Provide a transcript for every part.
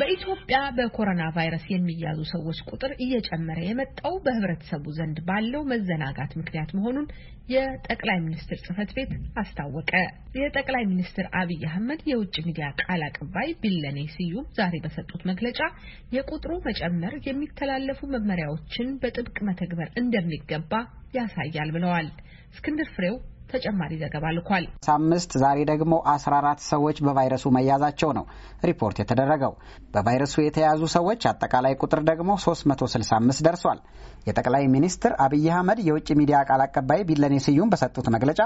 በኢትዮጵያ በኮሮና ቫይረስ የሚያዙ ሰዎች ቁጥር እየጨመረ የመጣው በህብረተሰቡ ዘንድ ባለው መዘናጋት ምክንያት መሆኑን የጠቅላይ ሚኒስትር ጽህፈት ቤት አስታወቀ። የጠቅላይ ሚኒስትር አብይ አህመድ የውጭ ሚዲያ ቃል አቀባይ ቢለኔ ስዩም ዛሬ በሰጡት መግለጫ የቁጥሩ መጨመር የሚተላለፉ መመሪያዎችን በጥብቅ መተግበር እንደሚገባ ያሳያል ብለዋል። እስክንድር ፍሬው ተጨማሪ ዘገባ ልኳል። አምስት ዛሬ ደግሞ አስራ አራት ሰዎች በቫይረሱ መያዛቸው ነው ሪፖርት የተደረገው። በቫይረሱ የተያዙ ሰዎች አጠቃላይ ቁጥር ደግሞ 365 ደርሷል። የጠቅላይ ሚኒስትር አብይ አህመድ የውጭ ሚዲያ ቃል አቀባይ ቢለኔ ስዩም በሰጡት መግለጫ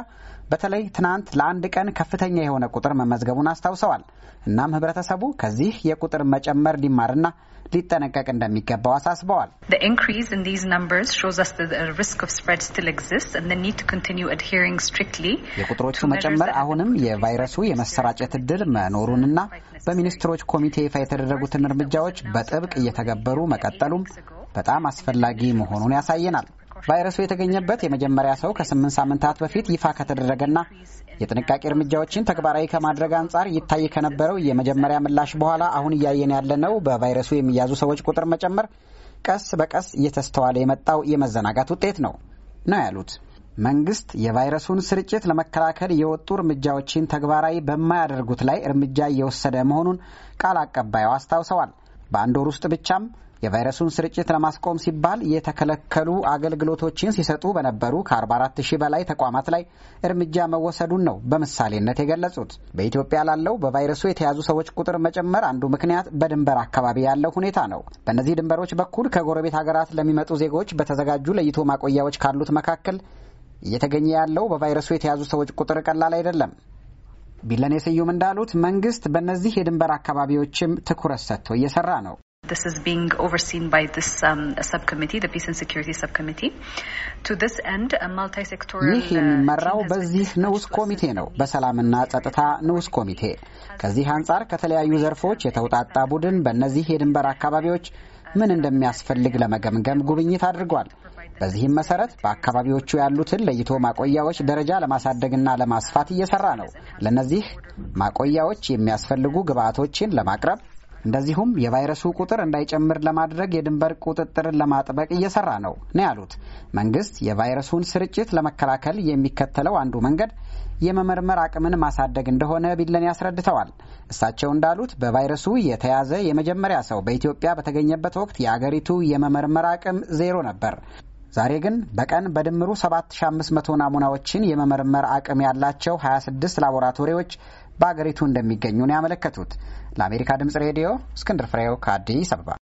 በተለይ ትናንት ለአንድ ቀን ከፍተኛ የሆነ ቁጥር መመዝገቡን አስታውሰዋል። እናም ህብረተሰቡ ከዚህ የቁጥር መጨመር ሊማርና ሊጠነቀቅ እንደሚገባው አሳስበዋል። የቁጥሮቹ መጨመር አሁንም የቫይረሱ የመሰራጨት እድል መኖሩንና በሚኒስትሮች ኮሚቴ ይፋ የተደረጉትን እርምጃዎች በጥብቅ እየተገበሩ መቀጠሉም በጣም አስፈላጊ መሆኑን ያሳየናል። ቫይረሱ የተገኘበት የመጀመሪያ ሰው ከስምንት ሳምንታት በፊት ይፋ ከተደረገና የጥንቃቄ እርምጃዎችን ተግባራዊ ከማድረግ አንጻር ይታይ ከነበረው የመጀመሪያ ምላሽ በኋላ አሁን እያየን ያለነው በቫይረሱ የሚያዙ ሰዎች ቁጥር መጨመር ቀስ በቀስ እየተስተዋለ የመጣው የመዘናጋት ውጤት ነው ነው ያሉት። መንግስት የቫይረሱን ስርጭት ለመከላከል የወጡ እርምጃዎችን ተግባራዊ በማያደርጉት ላይ እርምጃ እየወሰደ መሆኑን ቃል አቀባዩ አስታውሰዋል። በአንድ ወር ውስጥ ብቻም የቫይረሱን ስርጭት ለማስቆም ሲባል የተከለከሉ አገልግሎቶችን ሲሰጡ በነበሩ ከ44 ሺህ በላይ ተቋማት ላይ እርምጃ መወሰዱን ነው በምሳሌነት የገለጹት። በኢትዮጵያ ላለው በቫይረሱ የተያዙ ሰዎች ቁጥር መጨመር አንዱ ምክንያት በድንበር አካባቢ ያለው ሁኔታ ነው። በእነዚህ ድንበሮች በኩል ከጎረቤት ሀገራት ለሚመጡ ዜጎች በተዘጋጁ ለይቶ ማቆያዎች ካሉት መካከል እየተገኘ ያለው በቫይረሱ የተያዙ ሰዎች ቁጥር ቀላል አይደለም። ቢለኔ ስዩም እንዳሉት መንግስት በእነዚህ የድንበር አካባቢዎችም ትኩረት ሰጥቶ እየሰራ ነው። This is being overseen by this um, subcommittee, the Peace and Security Subcommittee. To this end, a multi-sectoral ይህ uh, የሚመራው በዚህ ንዑስ ኮሚቴ ነው፣ በሰላምና ጸጥታ ንዑስ ኮሚቴ። ከዚህ አንጻር ከተለያዩ ዘርፎች የተውጣጣ ቡድን በእነዚህ የድንበር አካባቢዎች ምን እንደሚያስፈልግ ለመገምገም ጉብኝት አድርጓል። በዚህም መሰረት በአካባቢዎቹ ያሉትን ለይቶ ማቆያዎች ደረጃ ለማሳደግና ለማስፋት እየሰራ ነው። ለእነዚህ ማቆያዎች የሚያስፈልጉ ግብዓቶችን ለማቅረብ እንደዚሁም የቫይረሱ ቁጥር እንዳይጨምር ለማድረግ የድንበር ቁጥጥርን ለማጥበቅ እየሰራ ነው ነው ያሉት። መንግስት የቫይረሱን ስርጭት ለመከላከል የሚከተለው አንዱ መንገድ የመመርመር አቅምን ማሳደግ እንደሆነ ቢለን ያስረድተዋል። እሳቸው እንዳሉት በቫይረሱ የተያዘ የመጀመሪያ ሰው በኢትዮጵያ በተገኘበት ወቅት የአገሪቱ የመመርመር አቅም ዜሮ ነበር። ዛሬ ግን በቀን በድምሩ 7500 ናሙናዎችን የመመርመር አቅም ያላቸው 26 ላቦራቶሪዎች በአገሪቱ እንደሚገኙ ነው ያመለከቱት። ለአሜሪካ ድምጽ ሬዲዮ እስክንድር ፍሬው ከአዲስ አበባ